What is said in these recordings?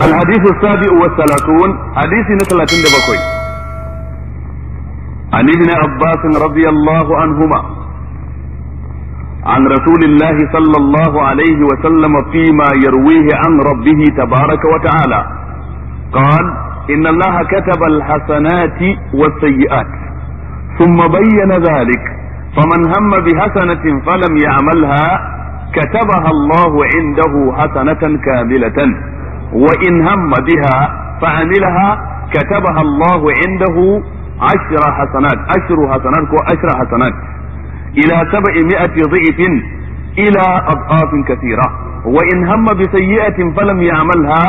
الحديث السابع والثلاثون حديث نتلة بكوي عن ابن عباس رضي الله عنهما عن رسول الله صلى الله عليه وسلم فيما يرويه عن ربه تبارك وتعالى قال إن الله كتب الحسنات والسيئات ثم بين ذلك فمن هم بحسنة فلم يعملها كتبها الله عنده حسنة كاملة وإن هم بها فعملها كتبها الله عنده عشر حسنات عشر حسنات كو عشر حسنات إلى سبعمائة ضعف إلى أضعاف كثيرة وإن هم بسيئة فلم يعملها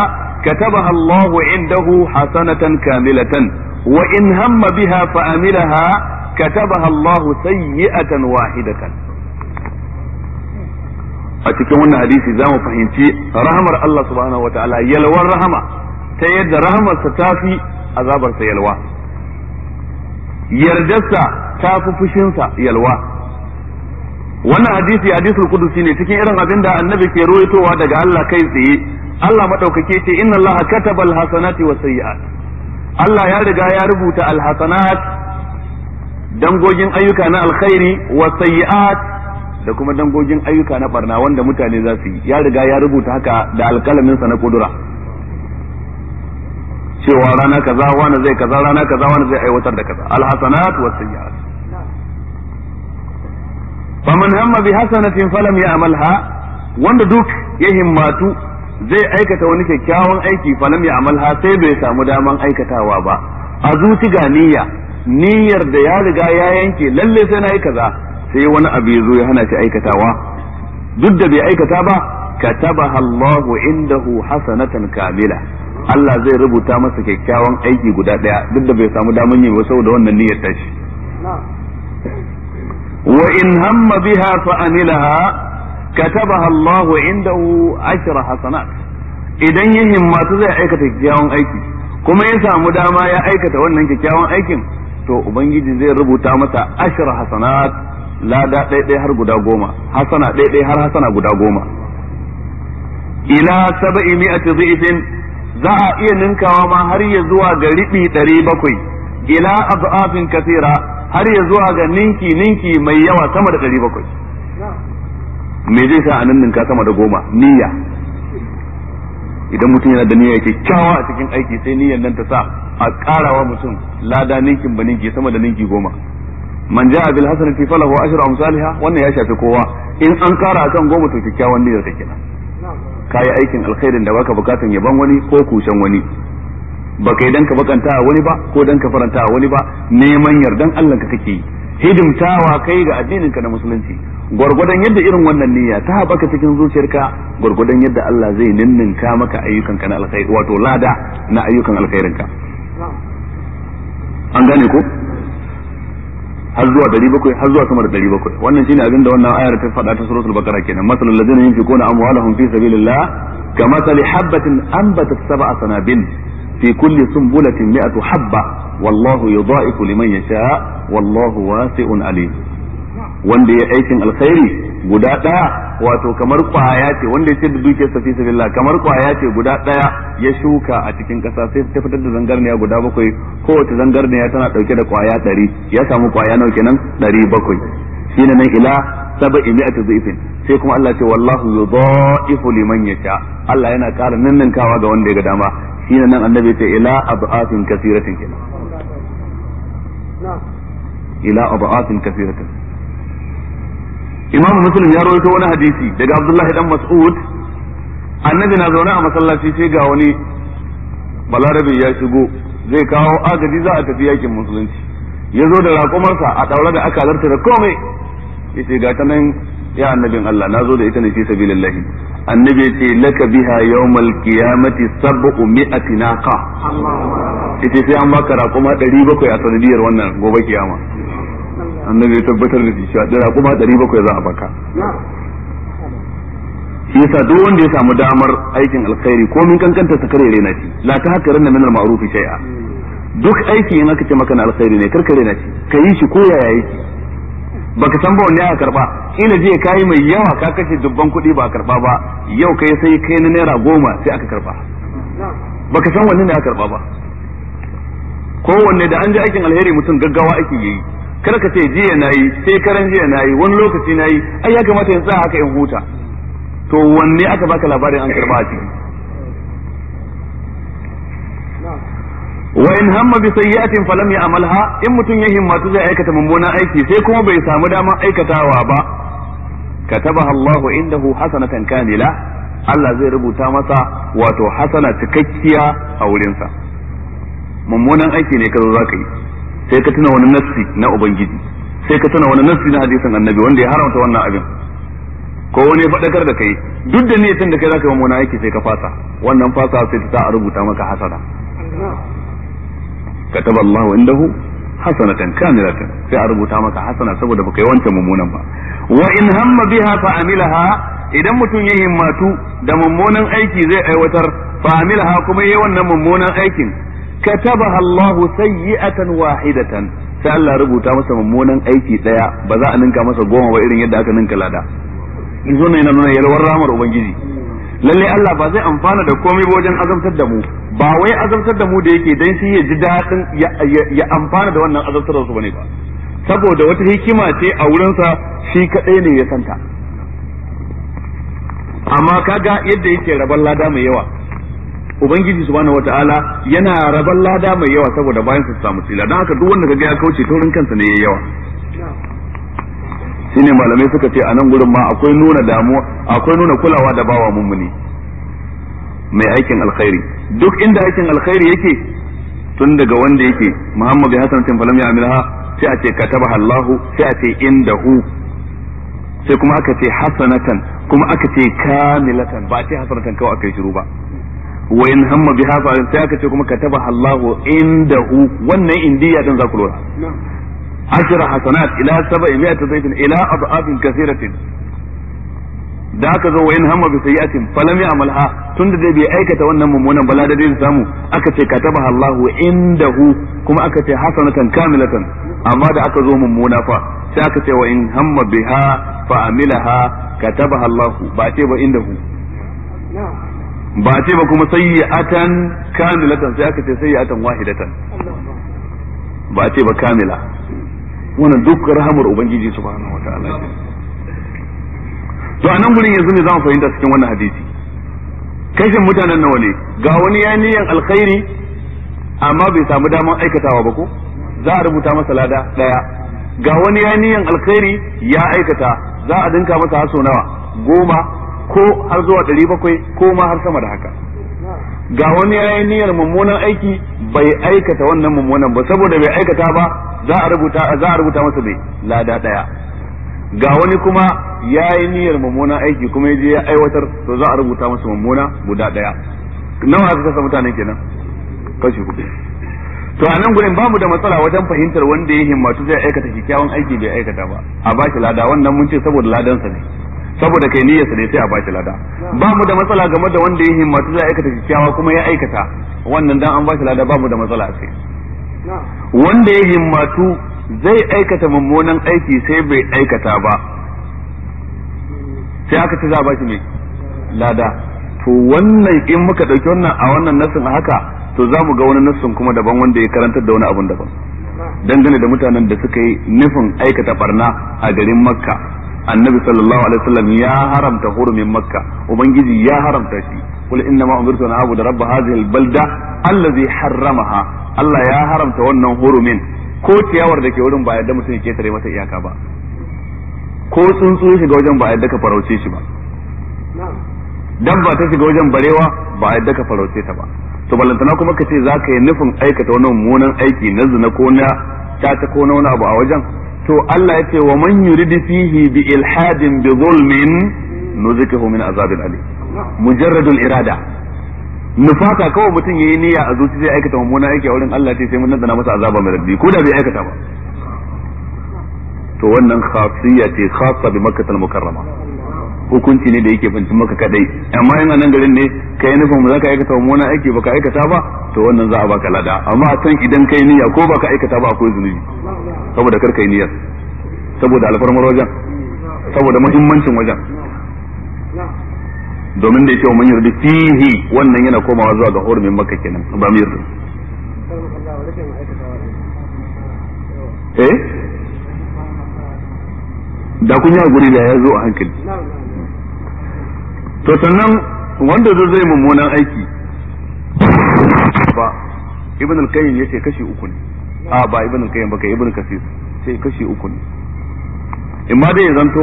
كتبها الله عنده حسنة كاملة وإن هم بها فعملها كتبها الله سيئة واحدة a cikin wannan hadisi za mu fahimci rahamar Allah subhanahu wataala yalwar rahama ta yadda rahamarsa ta fi azabarsa yalwa yardarsa ta fi fushinsa yalwa wannan hadisi hadisul qudusi ne cikin irin abin da annabi ke ruwaitowa daga Allah kai tsaye Allah madaukake ce inna Allah katabal alhasanati wa sayyi'at Allah ya riga ya rubuta alhasanat dangogin ayyuka na alkhairi wa sayyi'at da kuma dangogin ayyuka na barna wanda mutane za su yi ya riga ya rubuta haka da alkalaminsa na kudura cewa rana kaza wani zai kaza rana kaza wani zai aiwatar da kaza alhasanat was sayyi'at faman hamma bi hasanatin falam ya'malha wanda duk ya himmatu zai aikata wani kyakkyawan aiki falam ya'malha sai bai samu daman aikatawa ba a zuci ga niyya niyyar da ya riga ya yanke lalle sai na yi kaza sai wani abu ya zo ya hana shi aikatawa duk da bai aikata ba katabaha Allah indahu hasanatan kamila Allah zai rubuta masa kyakkyawan aiki guda daya duk da bai samu damar yi ba saboda wannan niyyar tashi wa in hamma biha fa anilaha katabaha Allah indahu ashra hasanat idan ya himmatu zai aikata kyakkyawan aiki kuma ya samu dama ya aikata wannan kyakkyawan aikin to ubangiji zai rubuta masa ashra hasanat lada ɗaiɗai har guda goma hasana ɗaiɗai har hasana guda goma ila saba'i mi'ati dhi'fin za a iya ninkawa ma har ya zuwa ga riɓi ɗari bakwai ila adafin kasira har ya zuwa ga ninki ninki mai yawa sama da ɗari bakwai me zai sa a ninka sama da goma niyya idan mutum yana da niyya kyakkyawa a cikin aiki sai niyyar nan ta sa a ƙarawa mutum lada ninkin ba ninki sama da ninki goma man ja'a bil hasanati falahu ashru amsalha wannan ya shafi kowa in an kara akan goma to kikkiawan niyyar take kenan kai aikin alkhairin da baka bukatun yaban wani ko kushen wani bakai idan ka bakanta wani ba ko dan ka faranta wani ba neman yardan Allah ka kake hidimtawa kai ga addinin ka na musulunci gwargwadon yadda irin wannan niyya ta haɓaka cikin zuciyarka gwargwadon yadda Allah zai ninninka maka ayyukan ka na alkhairi wato lada na ayyukan alkhairin ka an gane ko har zuwa bakwai har zuwa sama da bakwai wannan shine abin da wannan ayar ta faɗa ta suratul baqara kenan masalul ladzina yunfiquna amwalahum fi sabilillah kamathali habatin anbatat sab'a sanabin fi kulli sunbulatin mi'atu habba wallahu yudha'ifu liman yasha wallahu wasi'un alim wanda ya aikin alkhairi guda daya wato kamar kwaya ce wanda ya ce da duke safi sabilillah kamar kwaya ce guda daya ya shuka a cikin kasa sai ta fitar da zangarniya guda bakwai kowace zangarniya tana dauke da kwaya dari ya samu kwaya nawa kenan dari bakwai shine nan ila sab'i mi'ati dhifin sai kuma Allah ce wallahu yudha'ifu liman yasha Allah yana ƙara ninninkawa ga wanda ya ga dama shine nan annabi ce ila ab'atin kathiratin kenan ila ab'atin kathiratin imamu muslim ya rawaito wani hadisi daga abdullahi dan mas'ud annabi na zaune a masallaci sai ga wani balarabe ya shigo zai kawo agaji za a tafi yakin musulunci ya zo da raƙumarsa a ɗaura da akalarta da komai yace ga ta nan ya annabin Allah na zo da ita ne fi sabilillahi annabi ce laka biha yawmal qiyamati sab'u mi'ati naqa Ita sai an baka raƙuma 700 a sanadiyar wannan gobe kiyama annabi ya tabbatar da shi cewa dira kuma 700 za a baka shi yasa duk wanda ya samu damar aikin alkhairi ko min kankanta ta kare rena shi la ta haka ranna min al-ma'ruf shay'a duk aiki in aka ce maka na alkhairi ne karka rena shi ka yi shi ko yaya yake baka san ba wanne aka karba kila je kai mai yawa ka kashe dubban kuɗi ba karba ba yau kai sai kai na naira goma sai aka karba baka san wanne ne aka karba ba kowanne da an ji aikin alheri mutum gaggawa ake yi kar ka ce jiya nayi sai karan jiya nayi wani lokaci nayi ai ya kamata in sa haka in huta to wanne aka baka labarin an karba a ciki wa in hamma bi sayyi'atin falam ya'malha in mutun ya himmatu zai aikata mummunan aiki sai kuma bai samu damar aikatawa ba katabaha Allahu indahu hasanatan kamila Allah zai rubuta masa wato hasana cikakkiya a wurinsa mummunan aiki ne kazo zaka yi sai ka tuna wani nassi na ubangiji sai ka tuna wani nassi na hadisin annabi wanda ya haramta wannan abin ko wani ya faɗakar da kai duk da niyyatan da kai zaka yi mummuna aiki sai ka fasa wannan fasa sai ta a rubuta maka hasara kataba Allahu indahu hasanatan kamilatan sai a rubuta maka hasana saboda baka yi wancan mummunan ba wa in hamma biha fa amilaha idan mutum ya himmatu da mummunan aiki zai aiwatar fa amilaha kuma yi wannan mummunan aikin katabaha Allah sayyi'atan wahidatan sai Allah rubuta masa mummunan aiki daya ba za a ninka masa goma ba irin yadda aka ninka lada in ne yana nuna yalwar ramar ubangiji lalle Allah ba zai amfana da komai ba wajen azamtar da mu ba wai azamtar da mu da yake dan shi ya ji dadin ya amfana da wannan azamtar su bane ba saboda wata hikima ce a wurinsa shi kadai ne ya santa amma kaga yadda yake rabar lada mai yawa ubangiji subhanahu wataala yana rabar lada mai yawa saboda bayan su samu tsila don haka duk wanda kaga ya kauce taurin kansa ne ya yawa shine malamai suka ce a nan gurin ma akwai nuna damuwa akwai nuna kulawa da bawa mumuni. mai aikin alkhairi duk inda aikin alkhairi yake tun daga wanda yake muhammadu bin hasan tin falam ya amilha sai a ce Kataba allah sai a ce indahu sai kuma aka ce hasanatan kuma aka ce kamilatan ba a ce hasanatan kawai aka yi shiru ba wa in hamma biha fa sai aka ce kuma kataba Allahu indahu wannan indiya din za ku lura ashra hasanat ila sab'i mi'ati dhayfin ila adafin kathiratin da aka zo wa in hamma bi sayyi'atin falam ya'malha tunda dai bai aikata wannan mummunan bala da zai samu aka ce kataba Allahu indahu kuma aka ce hasanatan kamilatan amma da aka zo mummuna fa sai aka ce wa in hamma biha fa amilaha katabaha Allahu ba ce ba indahu ba a ce ba kuma sayyi'atan kamilatan sai aka ce sayyi'atan wahidatan ba a ce ba kamila wannan duk rahamar ubangiji subhanahu wataala to anan gurin yanzu ne za mu fahimta cikin wannan hadisi kashin mutanen nawa ne ga wani ya niyan alkhairi amma bai samu daman aikatawa ba ko za a rubuta masa lada daya ga wani ya niyan alkhairi ya aikata za a dinka masa haso nawa goma ko har zuwa ɗari bakwai ko ma har sama da haka ga wani ya yi niyyar mummunan aiki bai aikata wannan mummunan ba saboda bai aikata ba za a rubuta za a rubuta masa bai lada daya ga wani kuma ya yi niyyar mummunan aiki kuma ya je ya aiwatar to za a rubuta masa mummuna guda daya nawa ka kasa mutanen kenan kashi kuɗi to a nan gurin bamu da matsala wajen fahimtar wanda ya himmatu zai aikata kyakkyawan aiki bai aikata ba a ba shi lada wannan mun ce saboda ladansa ne saboda kai sa ne sai a bashi lada ba mu da matsala game da wanda ya himmatu zai aikata kyakkyawa kuma ya aikata wannan dan an bashi lada ba mu da matsala sai wanda ya himmatu zai aikata mummunan aiki sai bai aikata ba sai aka ce za a bashi mai lada to wannan in muka dauki wannan a wannan nassin haka to za mu ga wani nassin kuma daban wanda ya karantar da wani abun daban dangane da mutanen da suka yi nufin aikata barna a garin makka annabi sallallahu alaihi wasallam ya haramta hurumin makka ubangiji ya haramta shi kul inna ma umirtu an abuda rabb hadhihi albalda allazi harramaha Allah ya haramta wannan hurumin ko ciyawar da ke wurin ba yadda mutum ya tare mata iyaka ba ko tsuntsu shiga wajen ba yadda ka farauce shi ba dabba ta shiga wajen barewa ba yadda ka farauce ta ba to ballantana kuma ka ce za ka yi nufin aikata wani mummunan aiki na zina ko na ta ko na wani abu a wajen to Allah ya ce wa man yuridi fihi bi ilhadin bi zulmin nuzikahu min azabil ali mujarradul irada nufaka kawai mutum yayi niyya a zuci zai aikata mummunan aiki a wurin Allah sai mun nazana masa azaba mai raddi ko da bai aikata ba to wannan khasiyya ce khassa bi makkah al-mukarrama hukunci ne da yake fincin maka kadai amma ina nan garin ne ka yi nufin za ka aikata mummunan aiki baka aikata ba to wannan za a baka lada amma a can idan kai niyya ko baka aikata ba akwai zunubi saboda karka yi niyyar saboda alfarmar wajen saboda muhimmancin wajen domin da yake wa manyar fihi wannan yana komawa zuwa ga hurumin maka kenan ba mu yarda eh da kun yi guri da ya zo a hankali to sannan wanda zo zai mummunan aiki ba ibn al-qayyim yace kashi uku ne a ba ibn kayyim ba kai ibn kasir sai kashi uku ne in ma dai zanto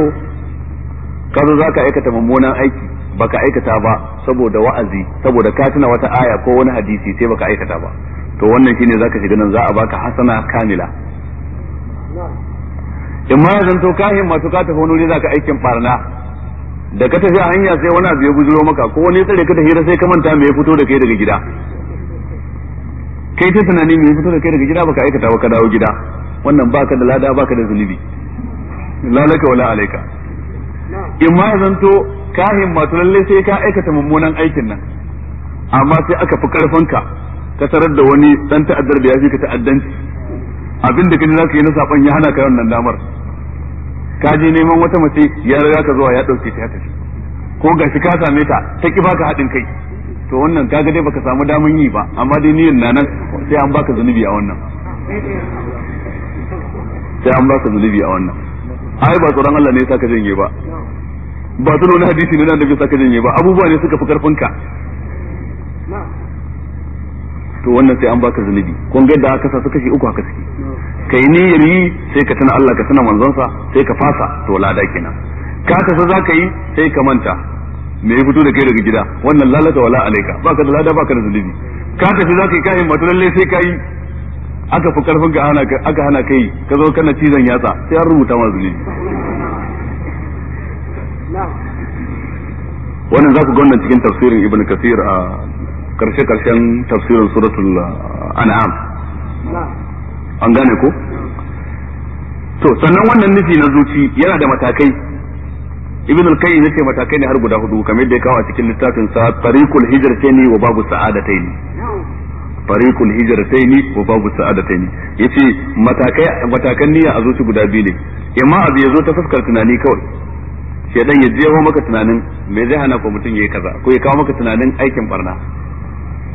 ka zo zaka aikata mummunan aiki baka aikata ba saboda wa'azi saboda ka tuna wata aya ko wani hadisi sai baka aikata ba to wannan shine zaka shiga nan za a baka hasana kamila in ma ya zanto ka himmatu ka tafi wani zaka aikin barna da ka tafi a hanya sai wani abu ya bujiro maka ko wani tsare ka hira sai ka manta me ya fito da kai daga gida kai ta tunani mai fito da kai daga gida baka aikata baka ka dawo gida wannan baka da lada baka da zunubi lalaka wala alaika in ma zanto ka himmatu lalle sai ka aikata mummunan aikin nan amma sai aka fi karfin ka ka tarar da wani dan ta'addar da ya fi ka ta'addanci abin da kani zaka yi na saban ya hana ka wannan damar ka je neman wata mace ya riga ka zuwa ya dauke ta ta ko gashi ka same ta ta ki baka haɗin kai to wannan kaga dai baka samu daman yi ba amma dai niyyar na nan sai an baka zunubi a wannan sai an baka zunubi a wannan ai ba tsoron Allah ne ya saka janye ba ba tuno na hadisi ne na annabi saka janye ba abubuwa ne suka fi karfin ka to wannan sai an baka zunubi kun ga da aka sa suka shi uku haka suke kai niyyar yi sai ka tana Allah ka tana sa sai ka fasa to lada kenan ka kasa za ka yi sai ka manta me ya fito da kai daga gida wannan lalata wala alaika baka da lada baka da zulubi ka tafi zaka yi kayan mata lalle sai kai aka fi karfin ga hana aka hana kai ka zo kana cizon yatsa sai an rubuta ma zulubi wannan za ku ga cikin tafsirin ibn kasir a karshe karshen tafsirin suratul uh, an'am an gane ko to sannan wannan nufi na zuci yana da matakai ibn al-qayyim yace matakai ne har guda hudu kamar da ya kawo a cikin littafin sa tariqul hijrataini wa babu sa'adataini tariqul hijrataini wa babu sa'adataini yace matakai matakan niyya a zuci guda biyu ne imma abu yazo ta fuskar tunani kawai shedan ya jefa maka tunanin me zai hana ko mutum yayi kaza ko ya kawo maka tunanin aikin barna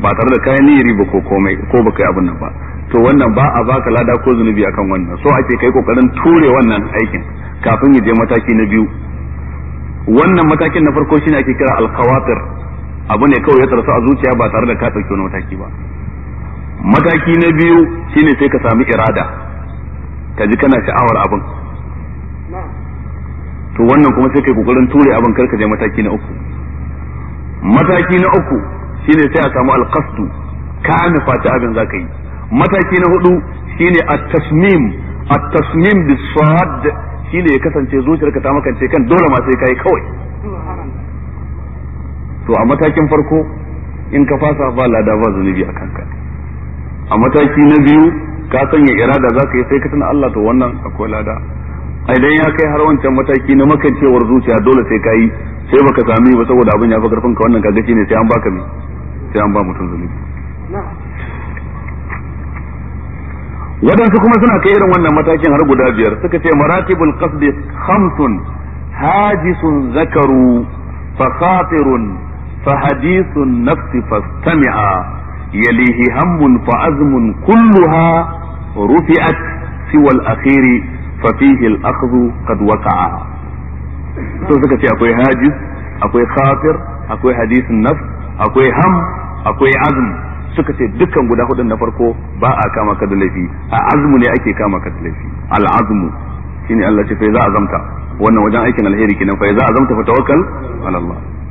ba tare da kayan niyyar ba ko komai ko baka yi abin nan ba to wannan ba a baka lada ko zunubi akan wannan so ake kai kokarin ture wannan aikin kafin ya je mataki na biyu wannan matakin na farko shine ake kira al-khawatir abu ne kawai ya tsarsu a zuciya ba tare da ka ɗauki wani mataki ba mataki na biyu shine sai ka sami irada ka ji kana sha'awar abin to wannan kuma sai kai kokarin ture abin kar ka je mataki na uku mataki na uku shine sai a samu alqasdu ka nufa ta abin zaka yi mataki na hudu shine at-tasmim at-tasmim bis sawad shine ya kasance zuciyarka ta makance kan dole ma sai kai kawai to a matakin farko in ka fasa ba lada ba zunubi a kanka a mataki na biyu ka sanya irada za ka yi sai ka tuna Allah to wannan akwai lada a idan ya kai har wancan mataki na makancewar zuciya dole sai ka yi sai baka sami ba saboda abin ya fi karfin ka wannan kaga ne sai an baka mi sai an ba mutum zunubi wadansu kuma suna kai irin wannan matakin har guda biyar suka ce maratibul qasdi khamsun hajisun zakaru fa khatirun fa hadithun nafsi fastami'a yalihi hammun fa azmun kulluha rufi'at siwa al-akhiri fa fihi al-akhdhu qad waqa'a to suka ce akwai hajis akwai khatir akwai hadithun nafs akwai ham akwai azm suka ce dukkan guda hudun na farko ba a kama ka da laifi a azumu ne ake kama ka da laifi azumu shine Allah ce fa za a zamta wannan wajen aikin alheri kenan fa za a zamta fa tawakkal ala Allah